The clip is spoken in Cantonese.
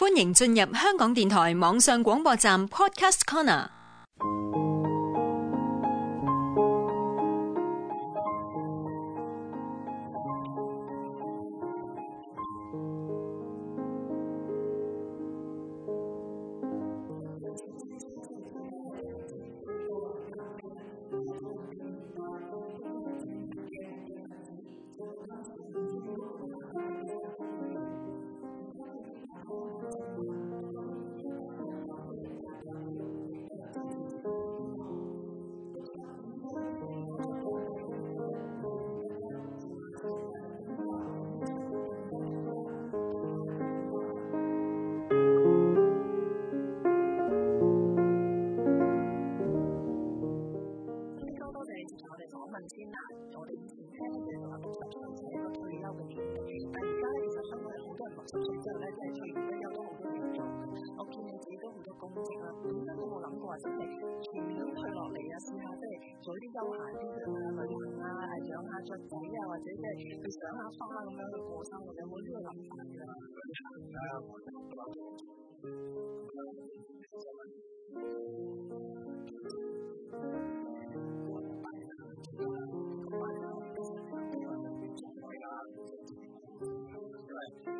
歡迎進入香港電台網上廣播站 Podcast Corner。然之後咧，真係出現比較多好多嘢做。我見到自己都好多工作啊，其實都冇諗過話真係全部都退落嚟啊！試下即係做啲休閒啲嘅啦，旅行啊，養下雀仔啊，或者即係賞下花咁樣嘅過生活，有冇呢個諗法啊？